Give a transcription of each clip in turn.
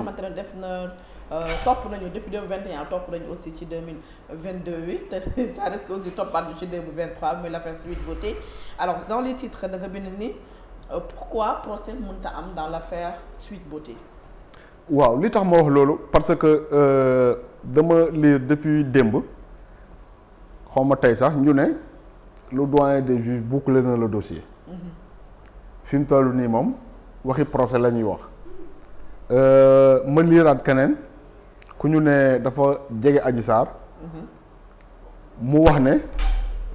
xamante def na euh, topp nañu depuis 2021 topp nañu aussi ci 2022 bi te ça risque aussi toppaat ñu ci 2023 muy l'affaire Sweet Beauté alors dans les titres da nga bind ni euh, pourquoi procès mënta am dans l'affaire Sweet Beauté waaw li tax ma wax loolu parce que euh, dama lire depuis démb xaw tey sax ñu ne le doyen de juges bouclé na la dossier mhm. fi mu toll nii moom waxi procès la ñuy wax Euh, ma liiraat keneen ku ñu ne dafa jege Adji Sarr mhm. mu wax ne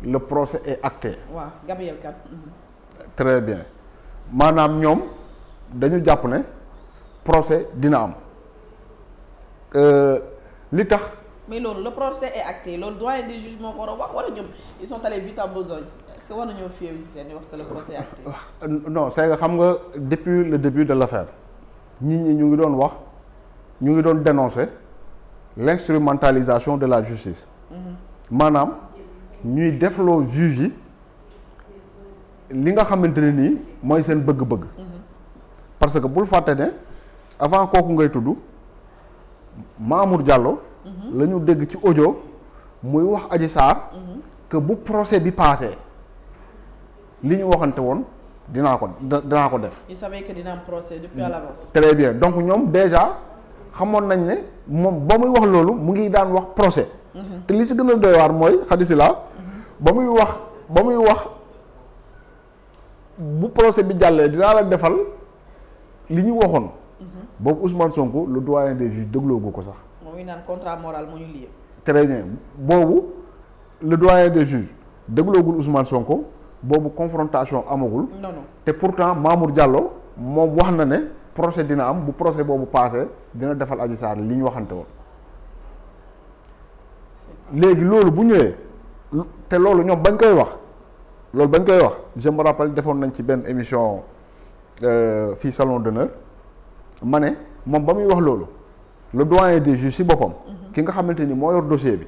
le procès ay acté. waaw ouais, Gabriel Kat. Mhm. très bien maanaam ñoom dañu jàpp ne procès dina am euh, li tax. mais loolu le procès est acté loolu doyen des juges moo ko war a wax wala ñoom ils sont allés vite besogne est-ce seen xam nga depuis le début de l'affaire nit ñi ñu ngi doon wax ñu ngi doon dénoncer l'instrumentalisation de la justice mm-hmm. maanaam ñuy defloo juge yi li nga xamante ne nii mooy seen bëgg-bëgg mm-hmm. parce que bul fàtte ne avant kooku ngay tudd Mamour Diallo mm-hmm. la ñu dégg ci ojo muy wax aji Sarr que bu procès bi passé li ñu waxante woon dinaa ko dinaa ko def. il savait que dina am procès depuis à l'avance. très bien donc ñoom déjà xamoon nañ ne moom ba muy wax loolu mu ngi daan wax procès. Mm-hmm. te li si gën a doy waar mooy xadisi la mm-hmm. ba muy wax ba muy wax bu procès bi jàllee dinaa la defal li ñuy waxoon. Mm-hmm. boobu Ousmane Sonko le doyen des juges dégloogu ko sax. moom naan contrat moral mu ñu lié. très bien boobu le doyen des juges dégloogul Ousmane Sonko. boobu confrontation amagul. non non te pourtant Mamour jàlloo moom wax na ne procès dina am bu procès boobu passé dina defal Adji Sarr li ñu waxante woon. léegi loolu bu ñëwee te loolu ñoom bañ koy wax loolu bañ koy wax je me defoon nañ ci benn émission euh, fii salon d'honneur ma ne moom ba muy wax loolu le doyen des juges si boppam. Mhm. ki nga xamante ni moo yor dossier bi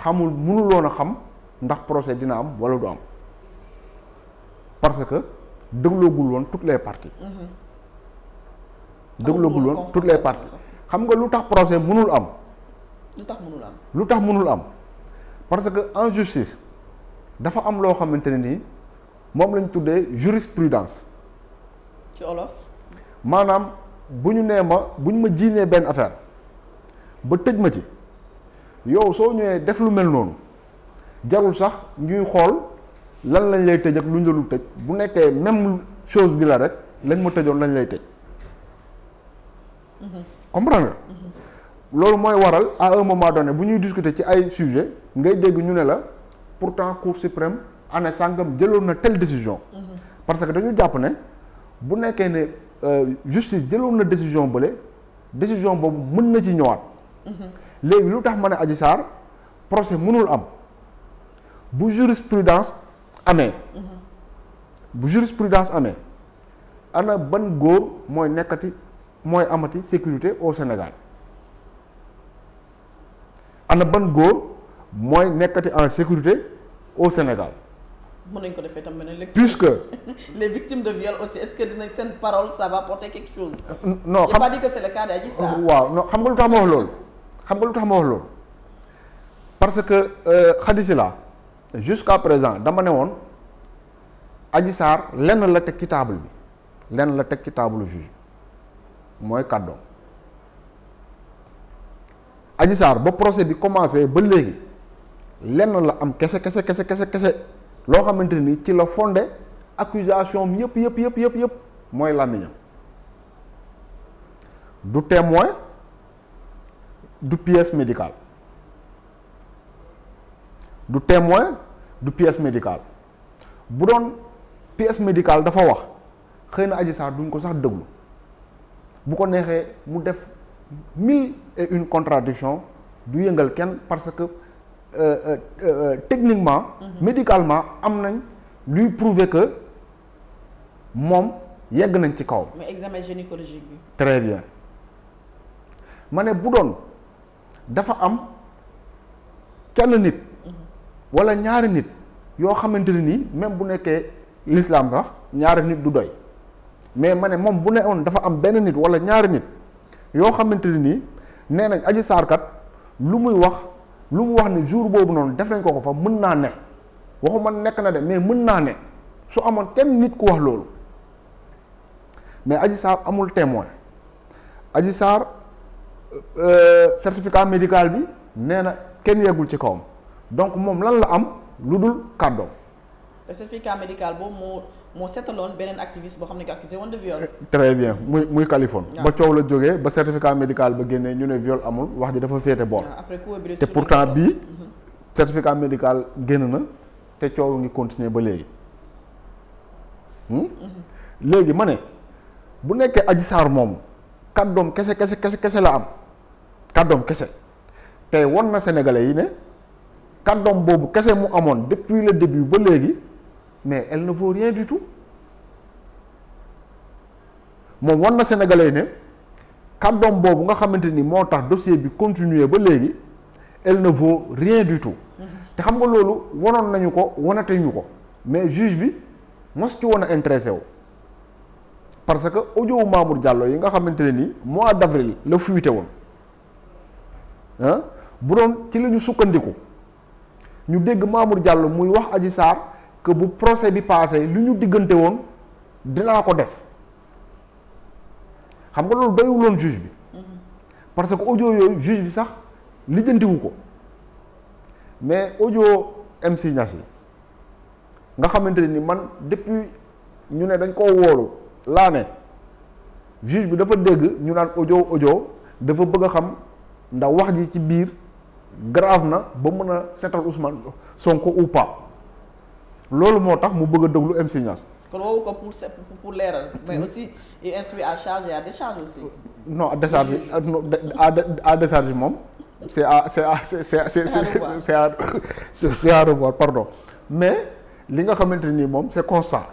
xamul mënuloon a xam ndax procès dina am wala du am. parce que dégloogul woon toutes les parties. Mm-hmm. dégloogul woon toutes les parties xam nga lu tax procès mënul am. lu tax mënul am lu tax mënul am parce que en justice dafa am loo xamante ne nii moom lañ tuddee jurisprudence ci olof. maanaam bu ñu nee ma bu ñu ma jiinee benn affaire ba tëj ma ci yow soo ñëwee def lu mel noonu jarul sax ñuy xool. lan lañ lay tëj ak lu ñu la lu tëj bu nekkee même chose bi la rek lañ ma tëjoon lañ lay tëj mhm. comprendre mhm. loolu mooy waral a un moment donné bu ñuy discuter ci ay sujet ngay dégg ñu ne la pourtant cour suprême année sàngam jëloon na telle décision mhm. parce que dañu jàpp ne bu nekkee ne euh, justice jëloon na décision bële décision boobu mën na ci ñëwaat léegi lu tax ma ne aji Sarr procès mënul am bu jurisprudence amee bu jurisprudence amee ana ban góor mooy nekkati mooy amati sécurité au Sénégal ana ban góor mooy nekkati en sécurité au Sénégal. mën nañ ko defee tam beneen lecture puisque les victimes de viol aussi est-ce que dinañ seen parole ça va apporter quelque chose. Euh, non xam euh, waaw xam nga lu tax ma wax loolu. xam nga lu tax ma wax loolu parce que xadisi euh, la jusqu'à présent dama ne woon Adji Sarr lenn la teg ci bi lenn la teg ci table juge mooy kàddoom Adji Sarr ba procès bi commencé ba léegi lenn la am kese kese kese kese kese loo xamante ni ci la fondé accusation yëpp yëpp yëpp yëpp yëpp mooy làmmiñam du témoin du pièce médicale du témoin du pièce médicale bu doon pièce médicale dafa wax xëy na Adji Sarr duñ ko sax déglu bu ko neexee mu def mille et une contradiction du yëngal kenn parce que euh, euh, euh techniquement mhm. médicalement am nañ luy prouver que moom yegg nañ ci kaw mais examen gynécologique bi très bien ma ne bu doon dafa am kenn nit wala ñaari nit yoo xamante ne nii même bu nekkee lislaam sax ñaari nit du doy mais ma ne moom bu ne woon dafa am benn nit wala ñaari nit yoo xamante ne nii nee nañ aji saarkat lu muy wax lu mu wax ne jour boobu noonu def nañ ko ko fa mën naa ne waxuma nekk na de mais mën naa ne su amoon kenn nit ku wax loolu mais aji saar amul témoin aji saar euh, certificat médical bi nee na kenn yeggul ci kawam. donc moom lan la am lu dul kàddoom. certificat médical boobu moo moo setaloon beneen activiste boo xam ne nga accusé woon eh, très bien muy muy Californe. ba coow la jógee ba certificat médical ba génnee ñu ne viol amul wax ji dafa féete boor. après te pourtant bii. Mm-hmm. certificat médical génn na te coow ngi continuer ba léegi. Hmm? Mm-hmm. léegi ma ne bu nekkee Adji Sarr moomu kàddoom kese kese kese kese la am kàddoom kese tey won na sénégalais yi ne. kàddoom boobu kese mu amoon depuis le début ba léegi mais elle ne vaut rien du tout moom wan na sénégalais ne kàddoom boobu nga xamante ni moo tax dossier bi continuer ba léegi elle ne vaut rien du tout te xam nga loolu wanoon nañu ko wanate ñu ko mais juge bi mos ci woon a intéressé wu parce que audio wu Mamour Diallo yi nga xamante ne nii mois d' avril la fuité woon ah bu doon ci la ñu sukkandiku. ñu dégg Mamour Diallo muy wax Adji Sarr que bu procès bi passé lu ñu diggante woon dinaa ko def xam nga loolu doyuloon juge bi parce que audio yooyu juge bi sax lijjantiwu ko mais audio MC yi nga xamante ni man depuis ñu ne dañ koo woolu laa ne juge bi dafa dégg ñu naan audio audio dafa bëgg a xam ndax wax ji ci biir grave na ba mën a seetal Ousmane son ou pas loolu moo tax mu bëgg a déglu MC Niass. kon woowu ko pour pour leeral. mais aussi il instruit à charge et à décharge aussi. non à décharge non décharge moom. c'est à c'est à c'est c'est à c'est à revoir pardon mais li nga xamante ni moom c'est constat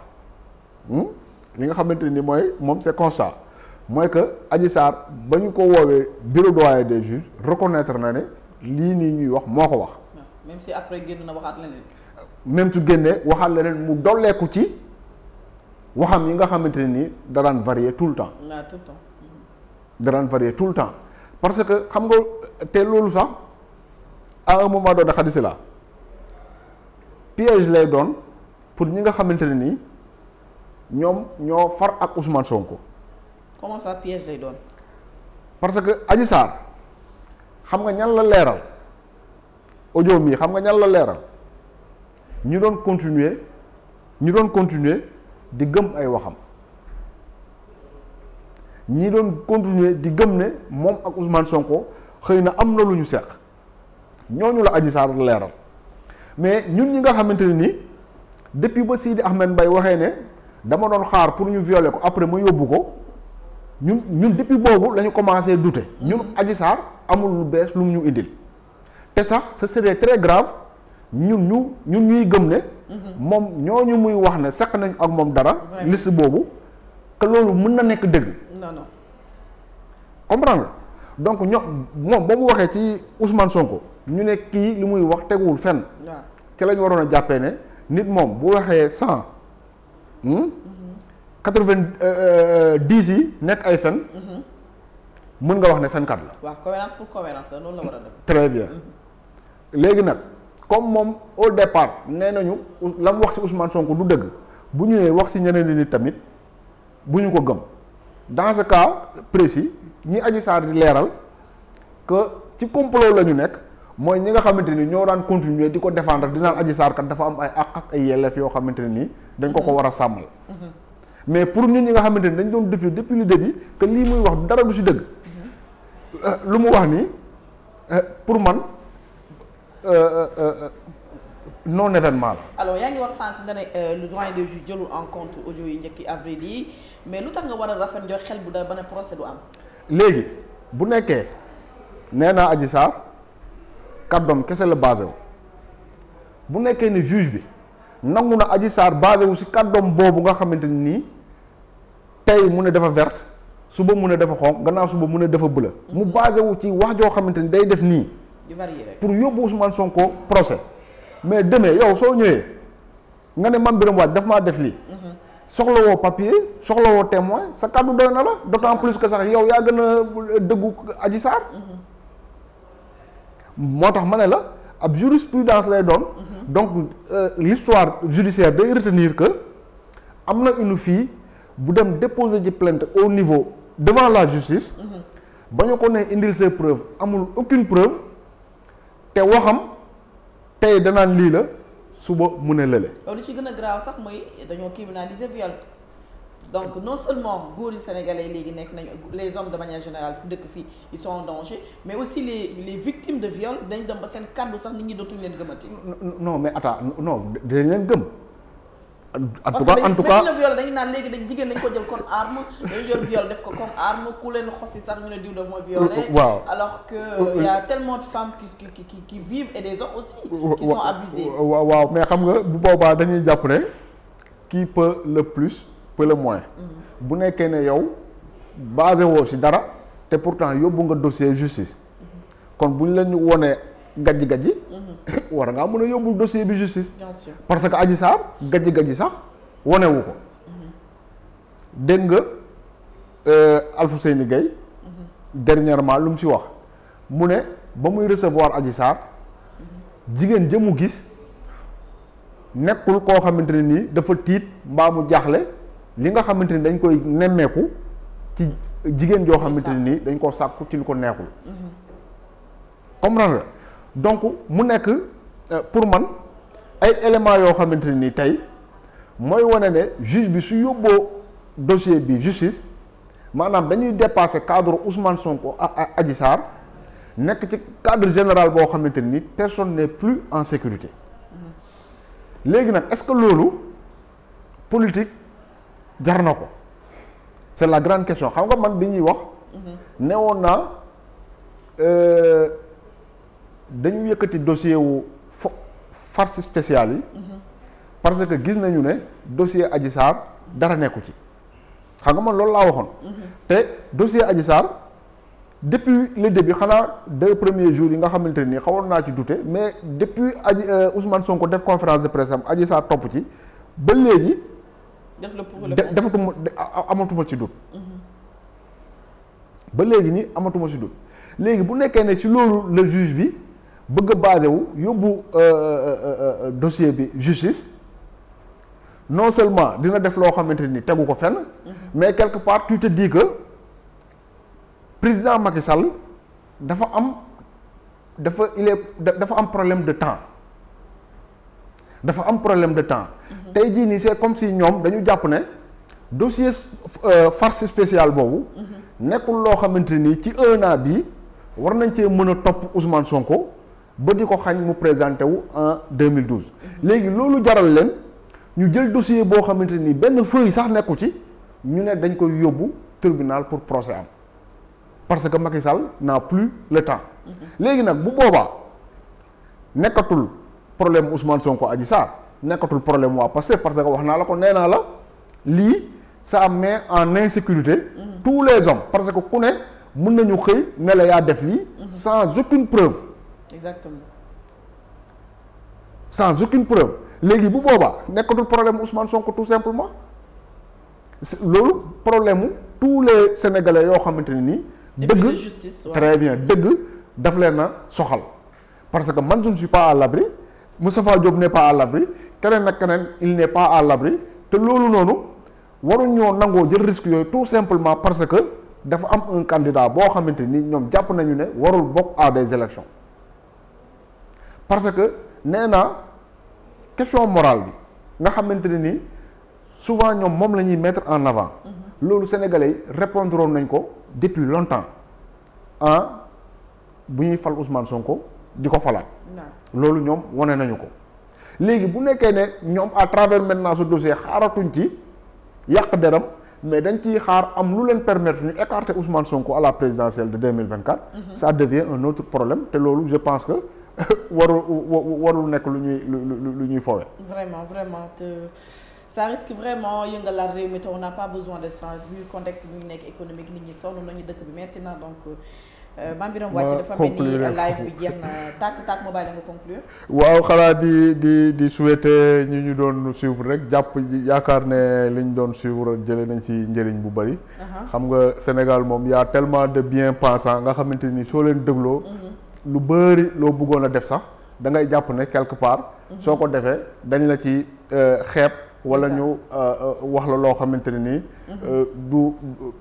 hmm? li nga xamante ni mooy moom c'est constat mooy que Adji Sarr ba ñu ko woowee bureau doyen des juges reconnaitre na ne. lii nii ñuy wax moo ko wax. même après génn na waxaat leneen. même su génnee waxaat leneen mu dolleeku ci waxam yi nga xamante ne nii daraan varier tout le temps. waaw tout mm-hmm. daraan varier tout le temps parce que xam nga te loolu sax à un moment donné xadisi la piège lay doon pour ñi nga xamante ne nii ñoom ñoo far ak Ousmane Sonko. comment ça piège lay doon. parce que Adji Sarr. xam nga ñan la leeral audio mii xam nga ñan la leeral ñu doon continuer ñu doon continuer di gëm ay waxam ñi doon continuer di gëm ne moom ak Ousmane Sonko xëy na am na lu ñu seq ñooñu la Adji Sarr leeral mais ñun ñi nga xamante ne ni depuis ba Sidi Ahmed mbay waxee ne dama doon xaar pour ñu violer ko après ma yóbbu ko ñun ñun depuis boobu la ñu commencé douter ñun Adji Sarr amul lu bees lu mu ñu indil te sax ce serait très grave ñun ñu ñun ñuy gëm ne. moom ñooñu muy wax ne seq nañ ak moom dara. liste boobu te loolu mun na nekk dëgg. non non comprendre donc ño moom ba mu waxee ci Ousmane Sonko ñu ne kii li muy wax teguwul fenn. waaw ci la waroon a jàppee ne nit moom bu waxee cent. Hmm? Mm-hmm. quatre-vingt-dix yi nekk ay fen. Mm-hmm. mën nga wax ne fenkat la. waaw cohérence pour cohérence la loolu a def. très bien mhm. léegi nag comme moom au départ nee nañu la wax si Ousmane Sonko du dëgg bu ñëwee wax si ñeneen nit tamit bu ñu ko gëm dans ce cas précis ñi Adji Sarr di leeral que ci complot la ñu nekk mooy ñi nga xamante ni ñoo daan continuer di ko défendre di naan Adji Sarr kat dafa am ay àq ak yelleef yoo xamante ne nii dañ ko ko mhm. war a sàmmal. Mhm. mais pour ñun ñi nga xamante ni dañ doon def depuis le début que lii muy wax dara du si dëgg. lu mu wax nii eh, pour man euh, euh, euh, non événement la. alors yaa ngi wax sànq nga ne le doyen des juges en compte audio yi njëkki avril yi mais lu tax nga war a rafet njoo xel bu dal ba ne procès du am. léegi bu nekkee nee naa Adji Sarr kàddoom kese la basé wu bu nekkee ne juge bi nangu na Adji Sarr basé wu si kàddoom boobu nga xamante ni tey mu ne dafa vert. suba mu ne dafa xonq gannaaw suba mu ne dafa bëla mu mm-hmm. basé wu ci wax joo xamante ni day def nii pour yóbbu Ousmane Sonko procès mais demain yow soo ñëwee nga ne man Birame Wathie daf ma def lii mm-hmm. soxlawoo papier soxlawoo témoin sa kàddu doy na la d'autant plus que sax yow yaa gën a euh, dëggu Adji mm-hmm. moo tax ma ne la ab jurisprudence lay doon donc euh, l'histoire judiciaire day retenir que am na une fille bu dem déposer ji plainte au niveau devant la justice. ba ñu ko ne indil ses preuves amul aucune preuve te waxam tey danaan lii la suba mu ne lële. loolu ci gën a graaw sax mooy dañoo criminaliser viol donc non seulement góor yi sénégalais léegi nekk nañu les hommes de manière générale fu dëkk fii ils sont danger mais aussi les les victimes de viol dañ dem ba seen kàddu sax ni ngi dootuñu leen gëmati. non mais attends non dañ leen gëm. en tout cas en tout cas parce que léegi dañ jigéen dañ ko jël comme arme dañu jël viol def ko comme arme ku leen xosi sax ñu ne diw daf ma waaw alors que y a tellement qui qui qui et des aussi qui sont abusés waaw mais xam nga bu boobaa dañuy jàpp ne qui peut le plus peut le moins mm-hmm. bu nekkee ne yow basé woo si dara te pourtant yóbbu nga dossier justice mm-hmm. kon bu ñu leen wonee gàjj-gàjj mhm. war ngaa mën a yóbbu dossier bi justice parce que Adji Sarr gàjj-gàjj sax wanewu ko mhm. dégg nga euh, Alfousseyni Gaye mhm. dernièrement lu mu si wax mu ne ba muy recevoir Adji Sarr jigéen jëmu gis nekkul koo xamante ne nii dafa tiit mbaamu mu jaaxle li nga xamante ni dañ koy nemmeeku ci jigéen joo xamante ne nii dañ koo sàkku ci lu ko neexul comprendre donc mu nekk euh, pour man ay éléments yoo xamante ni tey mooy wane ne juge bi su yóbboo dossier bi justice maanaam dañuy dépasser cadre Ousmane Sonko ak Adji Sarr nekk ci cadre général boo xamante ni personne n'est plus en sécurité mm-hmm. léegi nag est-ce que loolu politique jar na ko c'est la grande question xam nga man bi ñuy wax mm-hmm. newoon naa euh, dañu yëkkati dossier wu fo force spéciale yi. Mhm. parce que gis nañu ne dossier Adji Sarr dara nekku ci xam nga man loolu laa waxoon. Mhm. te dossier Adji Sarr depuis le début xanaa de premier jour yi nga xamante ne nii xawoon naa ci douter mais depuis Adji euh, Ousmane ko def conférence de presse am Adji Sarr topp ci ba léegi. def la pour defatuma amatuma ci doute. Mhm. ba léegi nii amatuma ci doute léegi bu nekkee ne ci loolu le juge bi. bëgg a wu yóbbu euh, euh, euh, dossier bi justice non seulement dina def loo xamante nii tegu ko fenn. Mhm. mais quelque part tu te président Macky Sall dafa am dafa il est dafa am problème de temps dafa am problème de temps. Mhm. tey jii nii c'est comme si ñoom dañu jàpp ne dossier farce spéciale boobu. Mhm. nekkul loo xamante ni ci un an bii war nañ cee mën a topp Ousmane Sonko. ba di ko xañ mu présenté wu en 2012. léegi loolu jaral leen ñu jël dossier boo xamante ni benn feuille sax nekku ci ñu ne dañ koy yóbbu tribunal pour procès am parce que Macky n'a plus le temps. léegi nag bu boobaa nekkatul problème Ousmane Sonko Adji Sarr nekkatul problème waa Pastef parce que wax naa la ko nee naa la lii ça met en insécurité. Mm-hmm. tous les hommes parce que ku ne mën nañu xëy ne la yaa def lii. Mm-hmm. sans aucune preuve. exactement. sans aucune preuve léegi bu boobaa nekkatul problème Ousmane Sonko tout simplement loolu problème mu tous les sénégalais yoo xamante ne nii. dëgg justice très bien dëgg daf leen a soxal parce que man je ne suis pas à l'abri Moustapha Diop n'est pas à l'abri keneen ak keneen il n'est pas à l'abri te loolu noonu waruñoo nangoo jël risque yooyu tout simplement parce que dafa am un candidat boo xamante nii ñoom jàpp nañu ne warul bokk à des élections parce que nee naa question morale bi nga xamante ne ni souvent ñoom moom la ñuy mettre en avant. Mhm. loolu sénégalais yi répondroon nañ ko depuis longtemps ah bu ñuy fal Ousmane Sonko di ko falaat. loolu ñoom wane nañu ko. léegi bu nekkee ne ñoom à travers maintenant ce dossier xaaratuñ ci yàq deram mais dañ ciy xaar am lu leen permettre ñu écarter Ousmane Sonko à la présidentielle de deux mhm. devient un autre problème te loolu je pense que. warul warul nekk lu ñuy lu ñuy fowe vraiment vraiment te ça risque vraiment yëngalaat réew mi te on pas besoin de ça vu contexte bi ñu nekk économique nit ñi sonn nañu dëkk bi maintenant donc euh, Mame Birame Wathie dafa mel ni nga xanaa di di di souhaiter ñi ñu doon suivre rek jàpp yaakaar ne li ñu doon suivre jëlee nañ ci njëriñ bu bari uh-huh. xam nga Sénégal moom y a de bien pensants nga xamante ni soo leen dégloo mm-hmm. lu bëri loo bëggoon a def sax da ngay jàpp ne quelque part. soo ko defee dañ la ci euh, xeeb. wala ñu euh, euh, wax la loo xamante ne nii. Mhm. du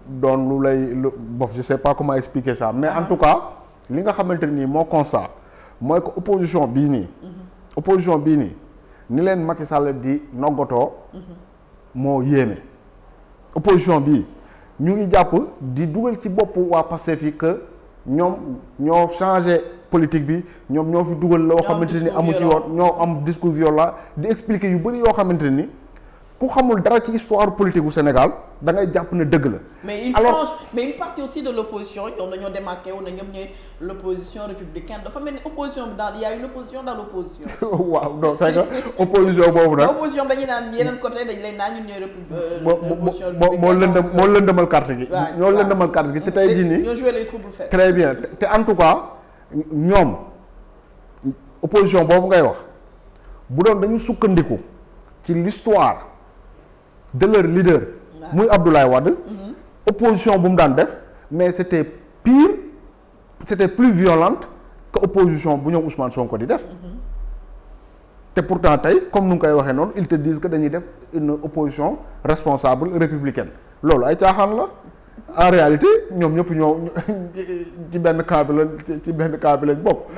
doon lu lay lu bof je sais pas comment expliquer ça mais en ah. tout cas li nga xamante nii moo constat mooy que opposition bii nii. Mhm. opposition bii nii ni leen Macky Sall di noggatoo. Mhm. moo yéeme. opposition bii ñu ngi jàpp di dugal ci bopp waa Pastef que. ñoom ñoo changé politique bi ñoom ñoo fi dugal loo xamante ni amu ci yoon ñoo am discours la di expliquer yu bëri yoo xamante ni bu xamul dara ci histoire politique gu Sénégal da ngay jàpp ne dëgg la. mais une alors mais une partie de l' opposition ñoom dañoo démarqué wu ne ñoom ñooy l' opposition républicaine dafa mel ni opposition bi daal y' a une opposition dans l' opposition. waaw non c' opposition boobu nag. opposition dañuy naan yeneen coté dañ lay naan ñun ñooy. opposition bi euh, moo lëndëm moo lëndëmal carte gi. waaw ñoo lëndëmal carte gi te tey jii nii. te en tout cas ñoom opposition boobu ngay wax bu doon dañu sukkandiku ci l'histoire de leur leader. muy Abdoulaye Wade. Mm-hmm. opposition bu mu daan def mais c' était pire c' était plus violente que opposition bu ñoom Ousmane ko di def. Mm-hmm. te pourtant tey comme nu ngi koy waxee noonu ils te disent que dañuy def une opposition responsable républicaine loolu ay caaxaan la en réalité ñoom ñëpp ñoo ci benn cas ci benn cas bi bokk.